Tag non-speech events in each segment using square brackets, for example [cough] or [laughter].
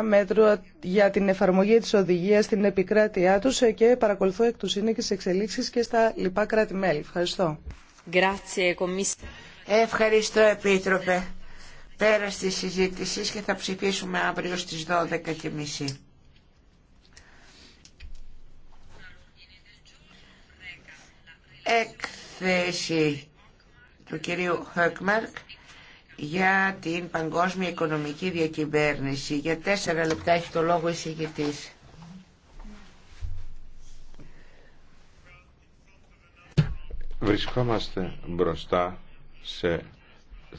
μέτρο για την εφαρμογή της οδηγίας στην επικράτειά τους και παρακολουθώ εκ του σύνεκης εξελίξεις και στα λοιπά κράτη-μέλη. Ευχαριστώ. Ευχαριστώ Επίτροπε. Πέρα στη συζήτηση και θα ψηφίσουμε αύριο στις 12.30. Έκθεση του κυρίου Χέκμαρκ για την παγκόσμια οικονομική διακυβέρνηση. Για τέσσερα λεπτά έχει το λόγο η συγκεκριτής. Βρισκόμαστε μπροστά σε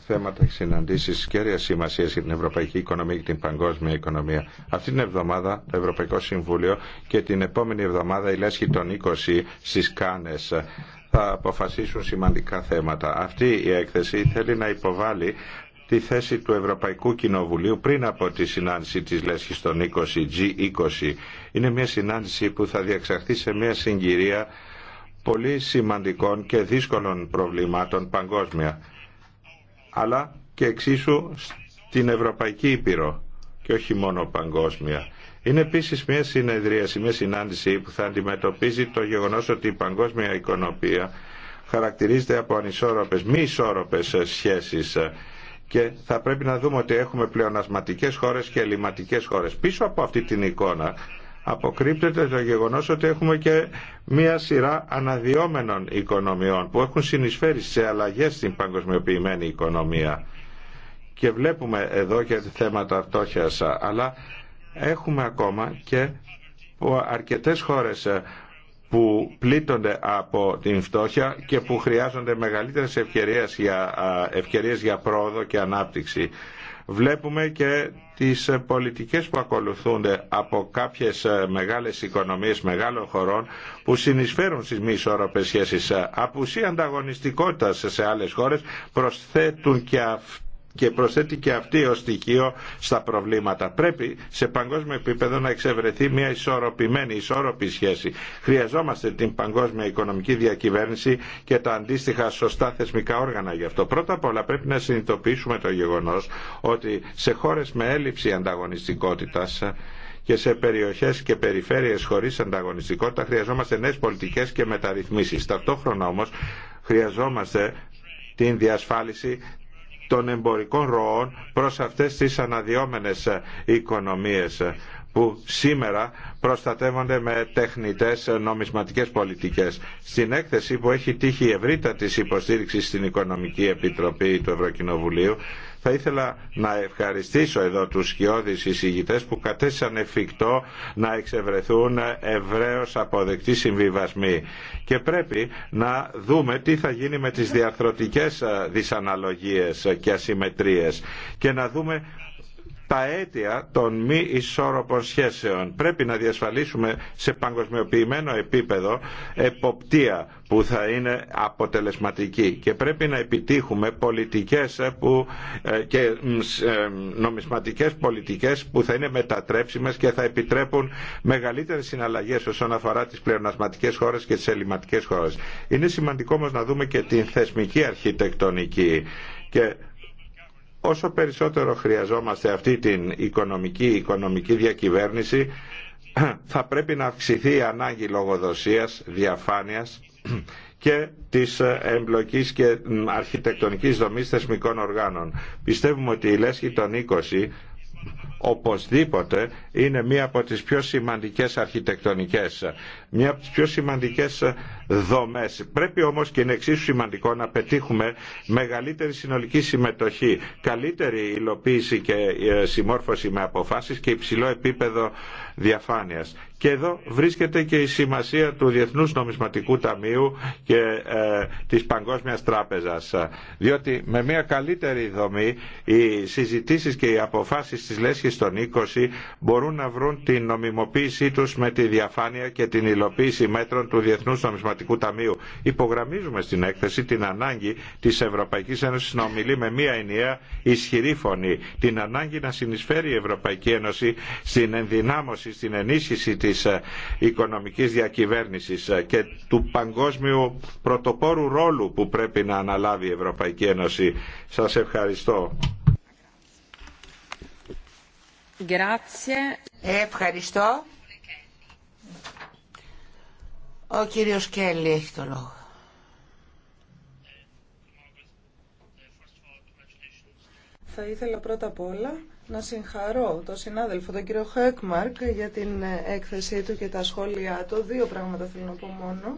θέματα και συναντήσει κέρια σημασία για την ευρωπαϊκή οικονομία και την παγκόσμια οικονομία. Αυτή την εβδομάδα το Ευρωπαϊκό Συμβούλιο και την επόμενη εβδομάδα η λέσχη των 20 στις Κάνες θα αποφασίσουν σημαντικά θέματα. Αυτή η έκθεση θέλει να υποβάλει τη θέση του Ευρωπαϊκού Κοινοβουλίου πριν από τη συνάντηση της Λέσχης των 20, G20. Είναι μια συνάντηση που θα διαξαχθεί σε μια συγκυρία πολύ σημαντικών και δύσκολων προβλημάτων παγκόσμια, αλλά και εξίσου στην Ευρωπαϊκή Ήπειρο και όχι μόνο παγκόσμια. Είναι επίση μια συνεδρίαση, μια συνάντηση που θα αντιμετωπίζει το γεγονό ότι η παγκόσμια οικονομία χαρακτηρίζεται από ανισόρροπες, μη ισόρροπε σχέσεις και θα πρέπει να δούμε ότι έχουμε πλεονασματικέ χώρε και ελληματικέ χώρε. Πίσω από αυτή την εικόνα αποκρύπτεται το γεγονό ότι έχουμε και μία σειρά αναδυόμενων οικονομιών που έχουν συνεισφέρει σε αλλαγέ στην παγκοσμιοποιημένη οικονομία. Και βλέπουμε εδώ και θέματα φτώχεια, αλλά έχουμε ακόμα και αρκετές χώρες ε, που πλήττονται από την φτώχεια και που χρειάζονται μεγαλύτερες ευκαιρίες για, ευκαιρίες για πρόοδο και ανάπτυξη. Βλέπουμε και τις πολιτικές που ακολουθούνται από κάποιες ε, μεγάλες οικονομίες μεγάλων χωρών που συνεισφέρουν στις μη ισορροπές σχέσεις. Ε, απουσία ανταγωνιστικότητας σε άλλες χώρες προσθέτουν και αυτό και προσθέτει και αυτή ως στοιχείο στα προβλήματα. Πρέπει σε παγκόσμιο επίπεδο να εξευρεθεί μια ισορροπημένη, ισόρροπη σχέση. Χρειαζόμαστε την παγκόσμια οικονομική διακυβέρνηση και τα αντίστοιχα σωστά θεσμικά όργανα γι' αυτό. Πρώτα απ' όλα πρέπει να συνειδητοποιήσουμε το γεγονός ότι σε χώρες με έλλειψη ανταγωνιστικότητας και σε περιοχέ και περιφέρειε χωρί ανταγωνιστικότητα χρειαζόμαστε νέε πολιτικέ και μεταρρυθμίσει. Ταυτόχρονα όμω χρειαζόμαστε την διασφάλιση των εμπορικών ροών προς αυτές τις αναδιόμενες ε, οικονομίες ε, που σήμερα προστατεύονται με τεχνητές ε, νομισματικές πολιτικές. Στην έκθεση που έχει τύχει ευρύτατης υποστήριξης στην Οικονομική Επιτροπή του Ευρωκοινοβουλίου θα ήθελα να ευχαριστήσω εδώ τους σκιώδεις εισηγητές που κατέστησαν εφικτό να εξευρεθούν ευρέως αποδεκτοί συμβιβασμοί. Και πρέπει να δούμε τι θα γίνει με τις διαρθρωτικές ε, δυσαναλογίες και ασυμμετρίες και να δούμε τα αίτια των μη ισόρροπων σχέσεων. Πρέπει να διασφαλίσουμε σε παγκοσμιοποιημένο επίπεδο εποπτεία που θα είναι αποτελεσματική και πρέπει να επιτύχουμε πολιτικές που, ε, και ε, νομισματικές πολιτικές που θα είναι μετατρέψιμες και θα επιτρέπουν μεγαλύτερες συναλλαγές όσον αφορά τις πλεονασματικές χώρες και τις ελληματικές χώρες. Είναι σημαντικό όμως να δούμε και την θεσμική αρχιτεκτονική και όσο περισσότερο χρειαζόμαστε αυτή την οικονομική, οικονομική διακυβέρνηση [clears throat] θα πρέπει να αυξηθεί η ανάγκη λογοδοσίας, διαφάνειας [clears throat] και της εμπλοκής και αρχιτεκτονικής δομής θεσμικών οργάνων. Πιστεύουμε ότι η λέσχη των 20 οπωσδήποτε είναι μία από τις πιο σημαντικές αρχιτεκτονικές, μία από τις πιο σημαντικές δομές. Πρέπει όμως και είναι εξίσου σημαντικό να πετύχουμε μεγαλύτερη συνολική συμμετοχή, καλύτερη υλοποίηση και ε, συμμόρφωση με αποφάσεις και υψηλό επίπεδο διαφάνειας. Και εδώ βρίσκεται και η σημασία του Διεθνούς Νομισματικού Ταμείου και ε, της Παγκόσμιας Τράπεζας. Διότι με μια καλύτερη δομή οι συζητήσεις και οι αποφάσεις της λέσχης των 20 μπορούν να βρουν την νομιμοποίησή τους με τη διαφάνεια και την υλοποίηση μέτρων του Διεθνούς Νομισματικού Ταμείου. Υπογραμμίζουμε στην έκθεση την ανάγκη της Ευρωπαϊκής Ένωσης να ομιλεί με μια ενιαία ισχυρή φωνή. Την ανάγκη να συνεισφέρει η Ευρωπαϊκή Ένωση στην ενδυνάμωση, στην ενίσχυση της ε, οικονομικής διακυβέρνησης ε, και του παγκόσμιου πρωτοπόρου ρόλου που πρέπει να αναλάβει η Ευρωπαϊκή Ένωση. Σας ευχαριστώ. Ευχαριστώ. Ο κύριος Κέλλη έχει το λόγο. Θα ήθελα πρώτα απ' όλα να συγχαρώ τον συνάδελφο, τον κύριο Χέκμαρκ, για την ε, έκθεσή του και τα σχόλιά του. Δύο πράγματα θέλω να πω μόνο.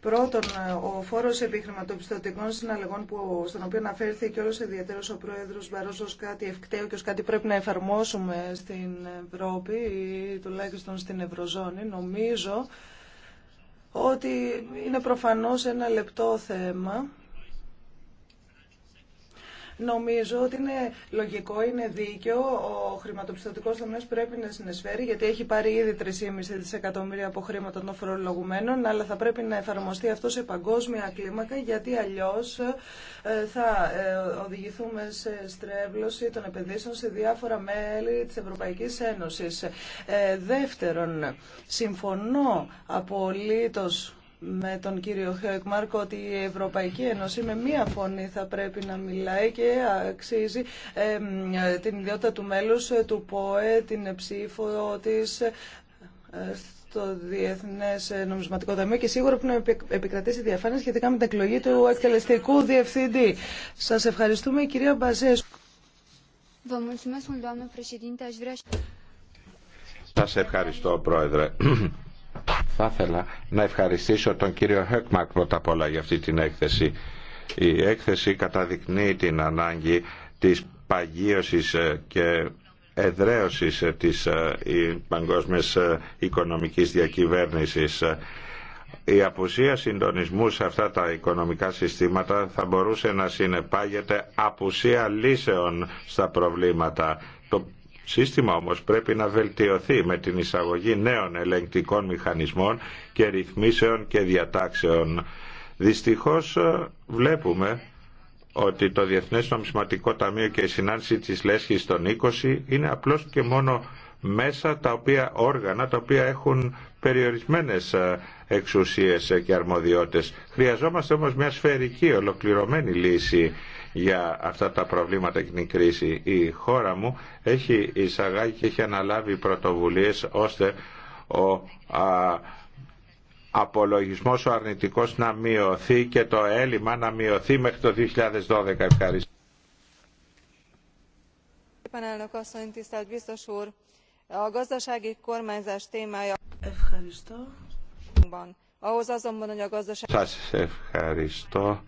Πρώτον, ε, ο φόρο επιχρηματοπιστωτικών συναλλαγών, που, στον οποίο αναφέρθηκε όλο ιδιαίτερο ο πρόεδρο Μπαρό ω κάτι ευκταίο και ω κάτι πρέπει να εφαρμόσουμε στην Ευρώπη ή τουλάχιστον στην Ευρωζώνη, νομίζω ότι είναι προφανώς ένα λεπτό θέμα Νομίζω ότι είναι λογικό, είναι δίκαιο. Ο χρηματοπιστωτικό τομέα πρέπει να συνεισφέρει, γιατί έχει πάρει ήδη 3,5 δισεκατομμύρια από χρήματα των φορολογουμένων, αλλά θα πρέπει να εφαρμοστεί αυτό σε παγκόσμια κλίμακα, γιατί αλλιώ ε, θα ε, οδηγηθούμε σε στρέβλωση των επενδύσεων σε διάφορα μέλη τη Ευρωπαϊκή Ένωση. Ε, δεύτερον, συμφωνώ απολύτω με τον κύριο Μάρκο ότι η Ευρωπαϊκή Ένωση με μία φωνή θα πρέπει να μιλάει και αξίζει την ιδιότητα του μέλους ε, του ΠΟΕ, την ψήφο της ε, στο Διεθνές Νομισματικό Ταμείο και σίγουρα που να επικρατήσει διαφάνεια σχετικά με την εκλογή του εκτελεστικού διευθυντή. Σας ευχαριστούμε κυρία Μπαζέσκου. Σας ευχαριστώ πρόεδρε. Θα ήθελα να ευχαριστήσω τον κύριο Χεκμακ πρώτα απ' όλα για αυτή την έκθεση. Η έκθεση καταδεικνύει την ανάγκη της παγίωσης ε, και εδραίωσης ε, της ε, παγκόσμιας οικονομικής διακυβέρνησης. Η απουσία συντονισμού σε αυτά τα οικονομικά συστήματα θα μπορούσε να συνεπάγεται απουσία λύσεων στα προβλήματα. Το σύστημα όμως πρέπει να βελτιωθεί με την εισαγωγή νέων ελεγκτικών μηχανισμών και ρυθμίσεων και διατάξεων. Δυστυχώς ε, βλέπουμε ότι το Διεθνές Νομισματικό Ταμείο και η συνάντηση της Λέσχης των 20 είναι απλώς και μόνο μέσα τα οποία όργανα τα οποία έχουν περιορισμένες ε, εξουσίες και αρμοδιότητες. Χρειαζόμαστε όμως μια σφαιρική ολοκληρωμένη λύση για αυτά τα προβλήματα και την κρίση. Η χώρα μου έχει εισαγάγει και έχει αναλάβει πρωτοβουλίες ώστε ο απολογισμός ο αρνητικός να μειωθεί και το έλλειμμα να μειωθεί μέχρι το 2012. Ευχαριστώ. Ευχαριστώ. Σας ευχαριστώ.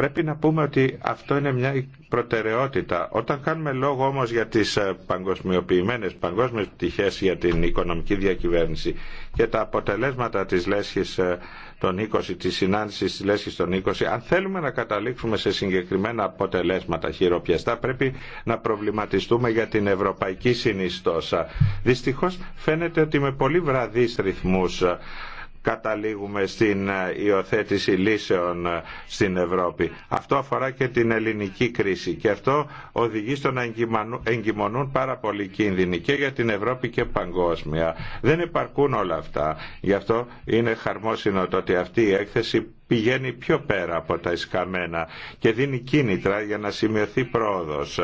Πρέπει να πούμε ότι αυτό είναι μια προτεραιότητα. Όταν κάνουμε λόγο όμως για τις ε, παγκοσμιοποιημένες, παγκόσμιες πτυχές για την οικονομική διακυβέρνηση και τα αποτελέσματα της λέσχης ε, των 20, της συνάντησης της λέσχης των 20, αν θέλουμε να καταλήξουμε σε συγκεκριμένα αποτελέσματα χειροπιαστά, πρέπει να προβληματιστούμε για την ευρωπαϊκή συνιστόσα. Δυστυχώς φαίνεται ότι με πολύ βραδείς ρυθμούς ε, καταλήγουμε στην ε, υιοθέτηση λύσεων ε, στην Ευρώπη. Αυτό αφορά και την ελληνική κρίση και αυτό οδηγεί στο να εγκυμονούν πάρα πολύ κίνδυνοι και για την Ευρώπη και παγκόσμια. Δεν υπαρκούν όλα αυτά. Γι' αυτό είναι χαρμόσυνο το ότι αυτή η έκθεση πηγαίνει πιο πέρα από τα ισκαμένα και δίνει κίνητρα για να σημειωθεί πρόοδος.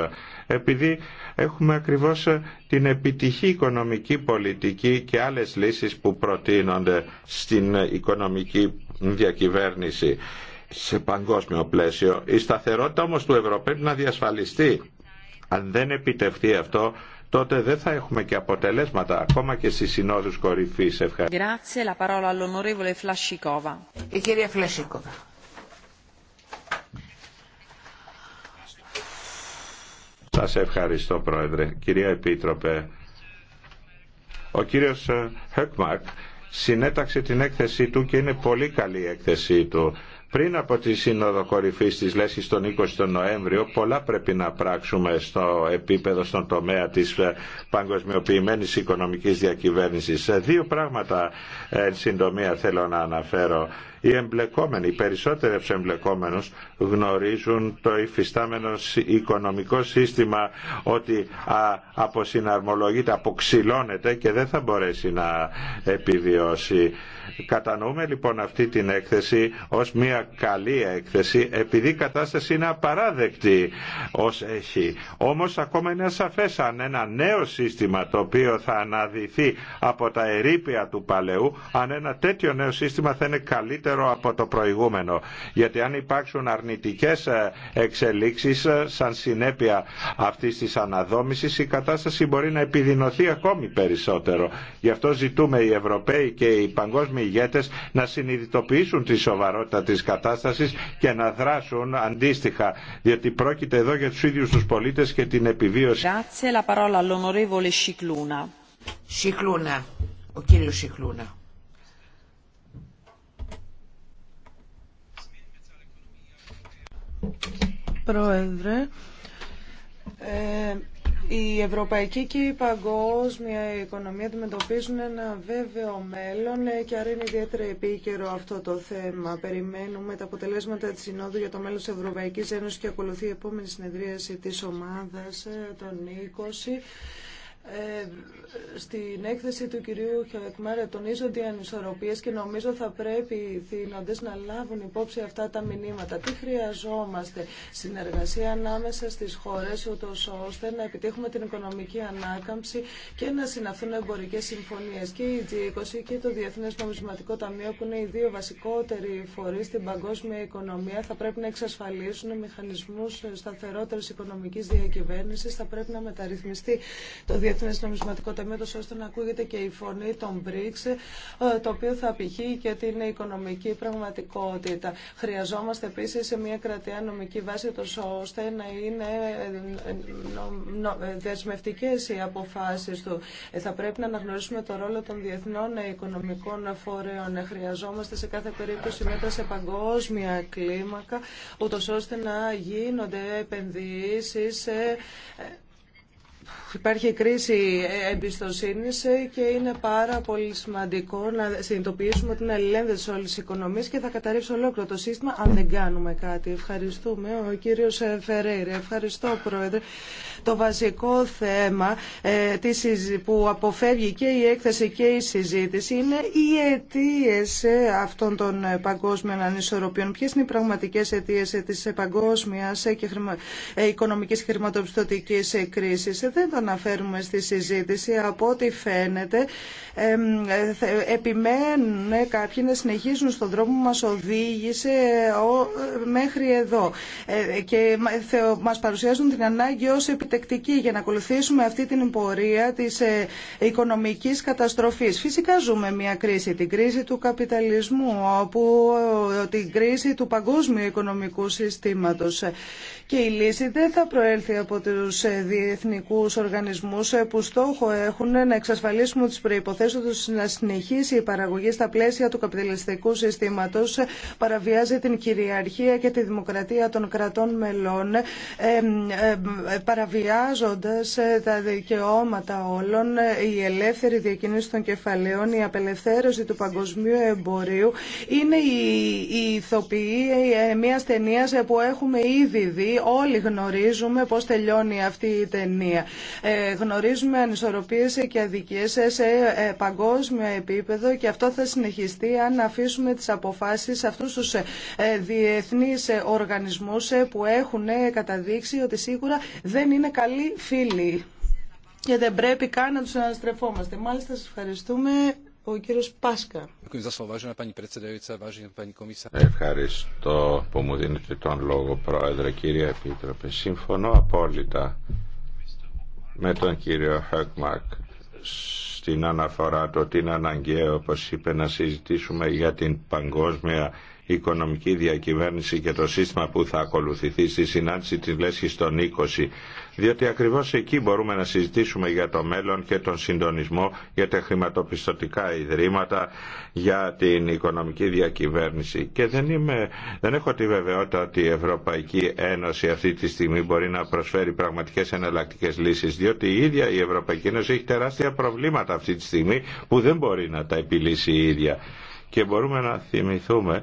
Επειδή έχουμε ακριβώς την επιτυχή οικονομική πολιτική και άλλες λύσεις που προτείνονται στην οικονομική διακυβέρνηση σε παγκόσμιο πλαίσιο. Η σταθερότητα όμως του Ευρωπαίου να διασφαλιστεί. Αν δεν επιτευχθεί αυτό, τότε δεν θα έχουμε και αποτελέσματα ακόμα και στις συνόδους κορυφής. Ευχαριστώ. Σας ευχαριστώ Πρόεδρε. Κυρία Επίτροπε, ο κύριος Χεκμάκ συνέταξε την έκθεσή του και είναι πολύ καλή η έκθεσή του πριν από τη Σύνοδο Κορυφή τη Λέσχη τον 20 τον Νοέμβριο, πολλά πρέπει να πράξουμε στο επίπεδο, στον τομέα τη ε, παγκοσμιοποιημένη οικονομική διακυβέρνηση. Δύο πράγματα ε, εν συντομία θέλω να αναφέρω. Οι εμπλεκόμενοι, οι περισσότεροι από εμπλεκόμενου γνωρίζουν το υφιστάμενο οικονομικό σύστημα ότι αποσυναρμολογείται, αποξυλώνεται και δεν θα μπορέσει να επιβιώσει. Κατανοούμε λοιπόν αυτή την έκθεση ως μια καλή έκθεση επειδή η κατάσταση είναι απαράδεκτη ως έχει. Όμως ακόμα είναι ασαφές αν ένα νέο σύστημα το οποίο θα αναδυθεί από τα ερήπια του παλαιού αν ένα τέτοιο νέο σύστημα θα είναι καλύτερο από το προηγούμενο. Γιατί αν υπάρξουν αρνητικές ε, εξελίξεις ε, σαν συνέπεια αυτής της αναδόμησης η κατάσταση μπορεί να επιδεινωθεί ακόμη περισσότερο. Γι' αυτό ζητούμε οι Ευρωπαίοι και οι παγκόσμιοι οι ηγέτες να συνειδητοποιήσουν τη σοβαρότητα της κατάστασης και να δράσουν αντίστοιχα, διότι πρόκειται εδώ για τους ίδιους τους πολίτες και την επιβίωση. Σικλούνα, ο κύριος Σικλούνα. Πρόεδρε, ε, η ευρωπαϊκή και η παγκόσμια οικονομία αντιμετωπίζουν ένα βέβαιο μέλλον ε, και άρα είναι ιδιαίτερα επίκαιρο αυτό το θέμα. Περιμένουμε τα αποτελέσματα της Συνόδου για το μέλλον της Ευρωπαϊκής Ένωσης και ακολουθεί η επόμενη συνεδρίαση της ομάδας ε, των 20. Ε, στην έκθεση του κυρίου Χιωεκμάρε τονίζονται οι ανισορροπίες και νομίζω θα πρέπει οι θυνοντές να λάβουν υπόψη αυτά τα μηνύματα. Τι χρειαζόμαστε, συνεργασία ανάμεσα στις χώρες, ούτως ώστε να επιτύχουμε την οικονομική ανάκαμψη και να συναυτούν εμπορικές συμφωνίες. Και η G20 και το Διεθνές Νομισματικό Ταμείο, που είναι οι δύο βασικότεροι φορείς στην παγκόσμια οικονομία, θα πρέπει να εξασφαλίσουν μηχανισμούς σταθερότερης οικονομικής διακυβέρνησης. Θα πρέπει να μεταρρυθμιστεί το Διεθνέ Νομισματικό Ταμείο, ώστε να ακούγεται και η φωνή των BRICS, ε, το οποίο θα απηχεί και την οικονομική πραγματικότητα. Χρειαζόμαστε επίση μια κρατεία νομική βάση, ώστε να είναι ε, ε, δεσμευτικέ οι αποφάσει του. Θα πρέπει να αναγνωρίσουμε το ρόλο των διεθνών οικονομικών φορέων. Χρειαζόμαστε σε κάθε περίπτωση μέτρα σε παγκόσμια κλίμακα, ούτω ώστε να γίνονται επενδύσει σε Υπάρχει κρίση εμπιστοσύνη και είναι πάρα πολύ σημαντικό να συνειδητοποιήσουμε ότι είναι αλληλένδετες σε όλες τις οικονομίες και θα καταρρύψει ολόκληρο το σύστημα αν δεν κάνουμε κάτι. Ευχαριστούμε. Ο κύριος Φερέιρε. Ευχαριστώ, Πρόεδρε. Το βασικό θέμα ε, που αποφεύγει και η έκθεση και η συζήτηση είναι οι αιτίε ε, αυτών των παγκόσμιων ανισορροπιών. Ποιε είναι οι πραγματικέ αιτίε ε, τη παγκόσμια οικονομική και χρηματοπιστωτική κρίση. Δεν φέρουμε στη συζήτηση. Από ό,τι φαίνεται επιμένουν κάποιοι να συνεχίσουν στον δρόμο που μας οδήγησε μέχρι εδώ ε, και μας παρουσιάζουν την ανάγκη ως επιτεκτική για να ακολουθήσουμε αυτή την πορεία της ε, οικονομικής καταστροφής. Φυσικά ζούμε μια κρίση, την κρίση του καπιταλισμού, όπου ε, την κρίση του παγκόσμιου οικονομικού συστήματος και η λύση δεν θα προέλθει από τους ε, διεθνικούς οργανισμούς ε, που στόχο έχουν να εξασφαλίσουν τις προϋποθέσεις τους να συνεχίσει η παραγωγή στα πλαίσια του καπιταλιστικού συστήματος ε, παραβιάζει την κυριαρχία και τη δημοκρατία των κρατών μελών παραβιάζοντας τα δικαιώματα όλων η ελεύθερη διακίνηση των κεφαλαίων η απελευθέρωση του παγκοσμίου εμπορίου είναι η, η μια ταινία που έχουμε ήδη δει όλοι γνωρίζουμε πώς τελειώνει αυτή η ταινία. Ε, γνωρίζουμε ανισορροπίες και αδικίες σε ε, παγκόσμιο επίπεδο και αυτό θα συνεχιστεί αν αφήσουμε τις αποφάσεις σε αυτούς τους ε, διεθνείς οργανισμούς που έχουν καταδείξει ότι σίγουρα δεν είναι καλοί φίλοι και δεν πρέπει καν να τους αναστρεφόμαστε. Μάλιστα, σας ευχαριστούμε ο κύριος Πάσκα. Ευχαριστώ που μου δίνετε τον λόγο, Πρόεδρε, κύριε Επίτροπε. Συμφωνώ απόλυτα με τον κύριο Χέκμακ στην αναφορά του ότι είναι αναγκαίο, όπως είπε, να συζητήσουμε για την παγκόσμια οικονομική διακυβέρνηση και το σύστημα που θα ακολουθηθεί στη συνάντηση της Λέσχης των 20 διότι ακριβώς εκεί μπορούμε να συζητήσουμε για το μέλλον και τον συντονισμό για τα χρηματοπιστωτικά ιδρύματα, για την οικονομική διακυβέρνηση. Και δεν, είμαι, δεν έχω τη βεβαιότητα ότι η Ευρωπαϊκή Ένωση αυτή τη στιγμή μπορεί να προσφέρει πραγματικές εναλλακτικέ λύσεις, διότι η ίδια η Ευρωπαϊκή Ένωση έχει τεράστια προβλήματα αυτή τη στιγμή που δεν μπορεί να τα επιλύσει η ίδια. Και μπορούμε να θυμηθούμε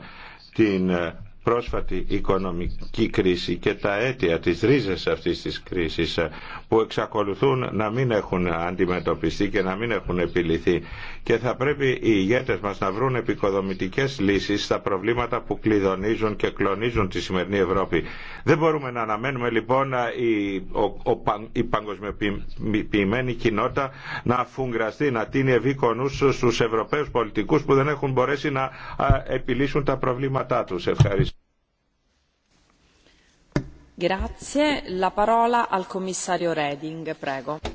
την ε, πρόσφατη οικονομική κρίση και τα αίτια της ρίζες αυτής της κρίσης ε, που εξακολουθούν να μην έχουν αντιμετωπιστεί και να μην έχουν επιληθεί και θα πρέπει οι ηγέτες μας να βρουν επικοδομητικές λύσεις στα προβλήματα που κλειδονίζουν και κλονίζουν τη σημερινή Ευρώπη. Δεν μπορούμε να αναμένουμε λοιπόν η, ο, ο, η παγκοσμιοποιημένη κοινότητα να αφουγκραστεί, να τίνει ευήκονους στους Ευρωπαίους πολιτικούς που δεν έχουν μπορέσει να επιλύσουν τα προβλήματά τους. Ευχαριστώ.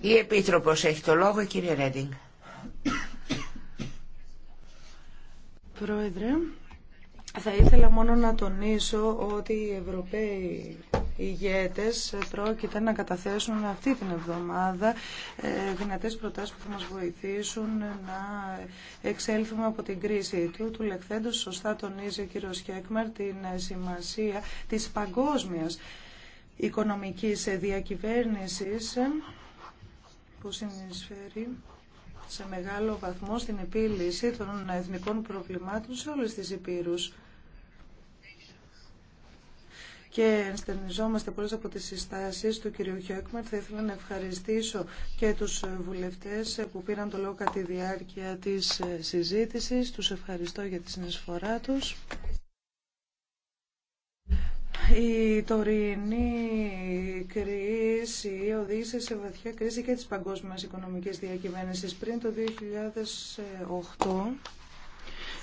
Η Επίτροπος έχει το λόγο, κύριε Ρέντινγκ. Πρόεδρε, θα ήθελα μόνο να τονίσω ότι οι Ευρωπαίοι ηγέτες πρόκειται να καταθέσουν αυτή την εβδομάδα ε, δυνατές προτάσεις που θα μας βοηθήσουν να εξέλθουμε από την κρίση του. Του λεκθέντος σωστά τονίζει ο κύριος Χέκμαρ την σημασία της παγκόσμιας οικονομικής διακυβέρνησης που συνεισφέρει σε μεγάλο βαθμό στην επίλυση των εθνικών προβλημάτων σε όλες τις υπήρους. Και ενστερνιζόμαστε πολλές από τις συστάσεις του κύριου Χιόκμερ. Θα ήθελα να ευχαριστήσω και τους βουλευτές που πήραν το λόγο κατά τη διάρκεια της συζήτησης. Τους ευχαριστώ για τη συνεισφορά τους. Η τωρινή κρίση οδήγησε σε βαθιά κρίση και της παγκόσμιας οικονομικής διακυβέρνησης. Πριν το 2008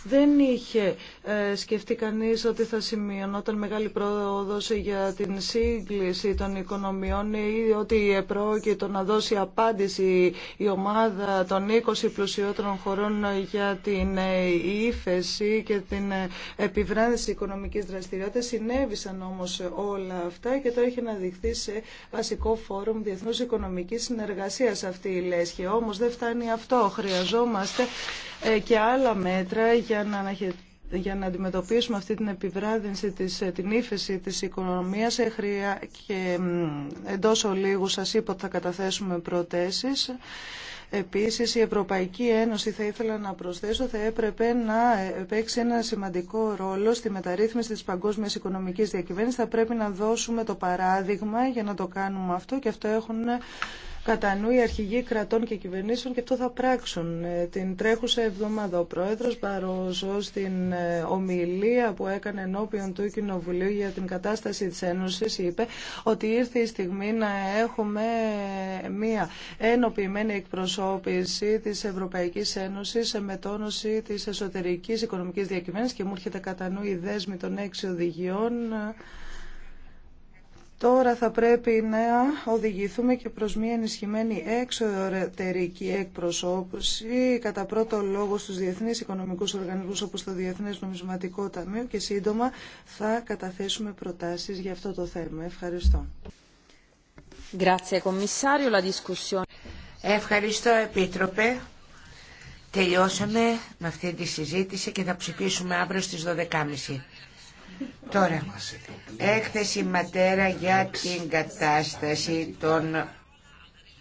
δεν είχε ε, σκεφτεί κανείς ότι θα σημειωνόταν μεγάλη πρόοδος για την σύγκληση των οικονομιών ή ότι επρόκειτο να δώσει απάντηση η ομάδα των 20 πλουσιότερων χωρών για την ε, ύφεση και την ε, επιβράδυνση οικονομικής δραστηριότητας. Συνέβησαν όμως όλα αυτά και τώρα έχει αναδειχθεί σε βασικό φόρουμ διεθνούς οικονομικής συνεργασίας αυτή η λέσχη. Όμως δεν φτάνει αυτό. Χρειαζόμαστε ε, και άλλα μέτρα για να για να αντιμετωπίσουμε αυτή την επιβράδυνση, της, ε, την ύφεση της οικονομίας ε, χρειά και εντός ολίγου σας είπα ότι θα καταθέσουμε προτέσεις. Επίσης η Ευρωπαϊκή Ένωση θα ήθελα να προσθέσω θα έπρεπε να παίξει ένα σημαντικό ρόλο στη μεταρρύθμιση της παγκόσμιας οικονομικής διακυβέρνησης. Θα πρέπει να δώσουμε το παράδειγμα για να το κάνουμε αυτό και αυτό έχουν κατά νου αρχηγοί κρατών και κυβερνήσεων και αυτό θα πράξουν. Ε, την τρέχουσα εβδομάδα ο Πρόεδρος Μπαρόζο στην ε, ομιλία που έκανε ενώπιον του Κοινοβουλίου για την κατάσταση της Ένωσης είπε ότι ήρθε η στιγμή να έχουμε μία ενοποιημένη εκπροσώπηση της Ευρωπαϊκής Ένωσης σε μετόνωση της εσωτερικής οικονομικής διακυβέρνησης και μου έρχεται κατά νου η δέσμη των έξι οδηγιών Τώρα θα πρέπει να οδηγηθούμε και προς μια ενισχυμένη εξωτερική εκπροσώπηση κατά πρώτο λόγο στους διεθνείς οικονομικούς οργανισμούς όπως το Διεθνές Νομισματικό Ταμείο και σύντομα θα καταθέσουμε προτάσεις για αυτό το θέμα. Ευχαριστώ. Ευχαριστώ Επίτροπε. Τελειώσαμε με αυτή τη συζήτηση και θα ψηφίσουμε αύριο στις 12.30. Τώρα, έκθεση ματέρα για την κατάσταση των